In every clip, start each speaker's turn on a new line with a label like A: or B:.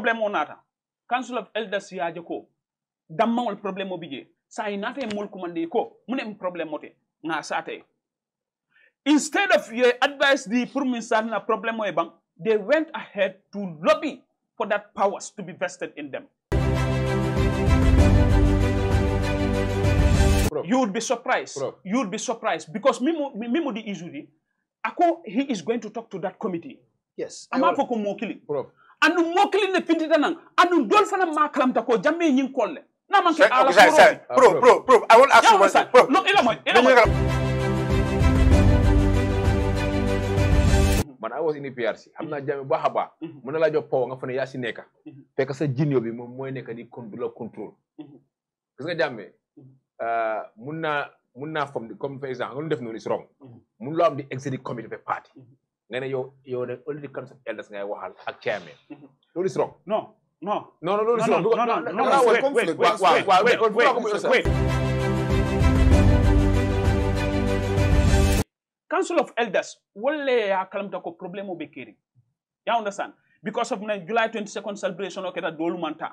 A: problème on naata council of elders yaje ko dammawol probléme o bije sa i naata e molkumande ko munen probléme o te nga sate instead of your advice the pour min satna probléme o e ban they went ahead to lobby for that powers to be vested in them you would be surprised. You would be surprised because Mimo, Mimo the Izuri, Ako, he is going to talk to that committee. Yes. Amafoko Mokili. Bro. anu mokli ne pindi nan anu dol fana ma ta ko jamme nyin kolle na man ke ala okay, ko pro pro pro i will ask you ya, one thing pro no ila mo ila mo man i was in the prc xam na jamme ba haba mu na la jox po nga fane ya si nekka fekk sa jinyo bi mom moy nekka di control control gis nga jamme euh mun na mun na fam comme par exemple nga def non is wrong mun lo am di exit committee party nga ne yow yow de only the council of elders ngay waxal ak chairman mhm. loolu is wrong non non non loolu is wrong no no no no council of elders wolle ya kalamta ko problème be keri you understand because of na july 22nd celebration oketa dolumanta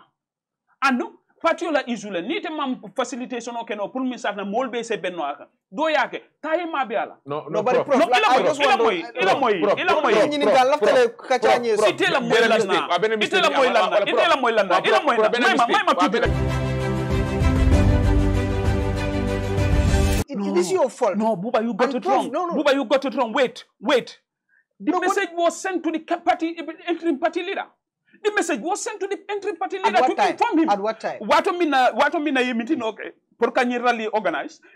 A: and no particular issue le ni te mam facilitation o keno pour message na mol be se benno aka do yake taye be ala no no bari prof ila so ite la moy lan na ite la moy lan na la moy lan na ila moy may ma may ma No, Buba, you got it Wait, wait. The message was sent to the party, interim party leader. The message was sent to the inter-party leader to inform him. At what time? Watu mina, watu mina ye meeting okay. Porka rally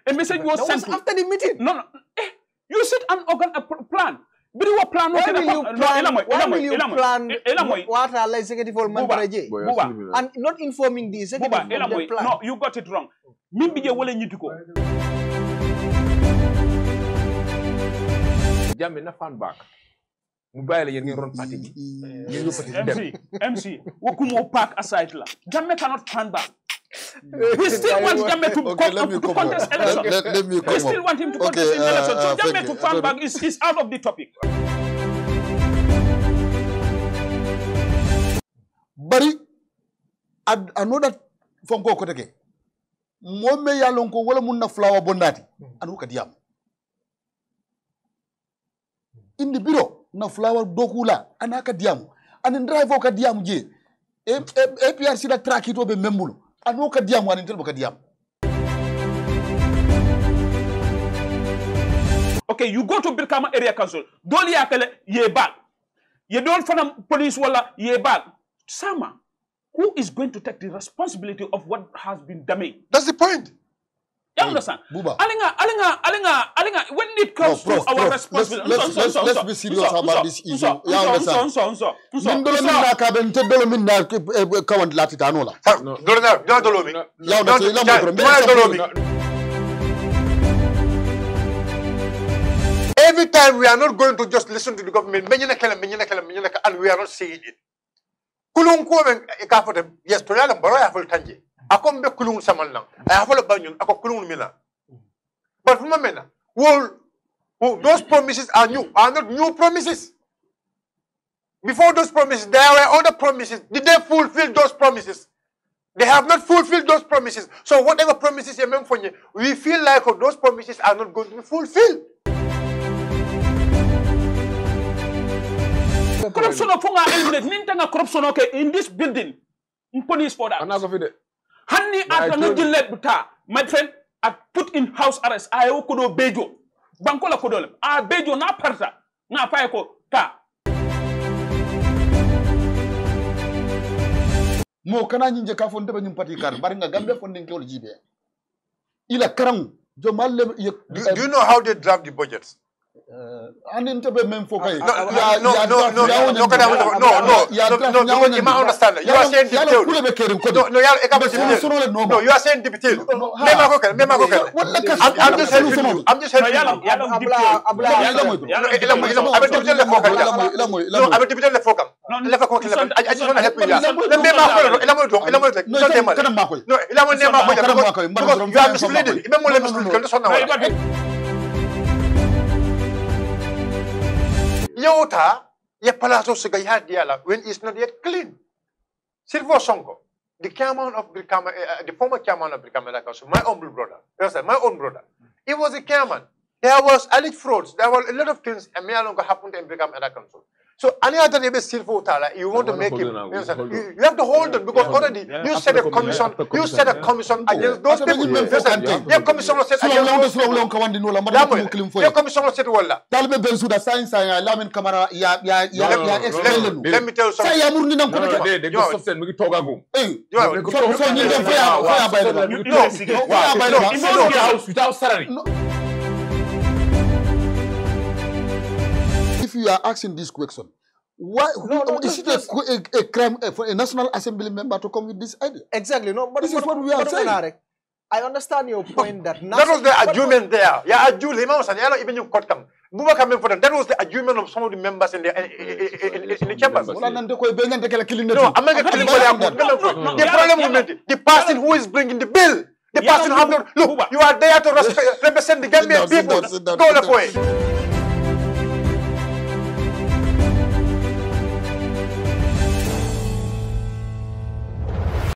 A: A message was sent. Was the meeting. Eh, you said an organ a plan. But you plan. will you plan? Why will you plan? What
B: are the executive or member And
A: not informing the executive of the plan. you got it wrong. Mimbi je wole nyituko. Jamme na mu bàyyi la yéen ngeen ron park aside la Jammeh cannot turn back we hmm. still want Jammeh to, contest election let, let contest uh, election so uh, Jammeh back is, out of the topic bari ad
C: anoda fonko ko tege moom me yàllon wala mun na flawa bondaati hmm. anu kadi yam na flower dokula ana ka diamu anin drive ka diamu je APRC la track ito
A: be membulo ano diamu anin tel ka diamu okay you go to Birkama area council doli yakale ye bag ye don fana police wala ye bag sama who is going to take the responsibility of what has been damaged that's the point you understand? Buba. Alinga, Alinga, Alinga, Alinga, when it comes no, prof, to our prof, responsibility, let's, let's, let's, let's be serious about this issue. You understand? Min dolo min na
C: ka ben te na eh, eh, ka wan lati ta la. Dolo
B: na, dolo dolo mi.
C: Ya na te la
B: Every time we are not going to just listen to the government, menyana kala, menyana kala, menyana kala, and we are not seeing it. Kulung men eh, ka yes, to yala mbaro tanje ako mbe kulung samal lang ay ako kulung but fuma mena those promises are new are not new promises before those promises there were other promises did they fulfill those promises they have not fulfilled those promises so whatever promises you meant for you we feel like oh, those promises
A: are not going to be fulfilled corruption of funga eliminate ninta corruption okay in this building police for that hanni arta ya, nojjin leɗɗo ta ma friend a put in house arrest a bejo banko la ko dole a bejo na parta na fay ko ta
C: mo kana ñinje ka fo de ñum parti kar bari nga gambe fon nden kewol ila karam jo malle do you know how they draft the budgets andinte ɓe même fo kay kuleɓe kerin
B: kodeyo sen député mema ko kene mema ko kene aɓe député le fo kam aɓe député le fo kam lefa ko ajiona heppiya mema koyno ilamoy don ilamoy tek ilamo nema koy yo a misleading ɓe mo le misleading kene sonna wala yewta ye palaso siga ye diala when it's not yet clean silvo sonko the chairman of Brikama, uh, the former chairman of Brikama Council, my own brother, yes, my own brother, he was a chairman. There was alleged frauds. There were a lot of things a mere longer happened in Brikama Council. So any other debate still for Utala, you want to make it. You, you, have to hold on because already you set a commission, you set a commission against those people. Your commission was set against those people.
C: Your commission was set wala. Dalbe bensu da science ya lamin kamera ya ya
B: ya ya explain Let me tell you something. Say ya murni nam kota kema. They go substance mugi toga gum. Eh. So
A: so ni dem fire fire by the. No. Fire by the. If you house without salary.
C: you are asking this question, why who, no, no, is just, it a, a, a, crime a National Assembly member to come with this idea? Exactly. No, but this is what we are saying. I understand your point that was the argument there.
B: Yeah, argument. Imam Hassan, yeah, even you caught them. Bubaka Memphis, that was the argument of some of the members in the in, in, the problem with the person who is bringing the bill, the person who have there to represent the Gambian people. Go the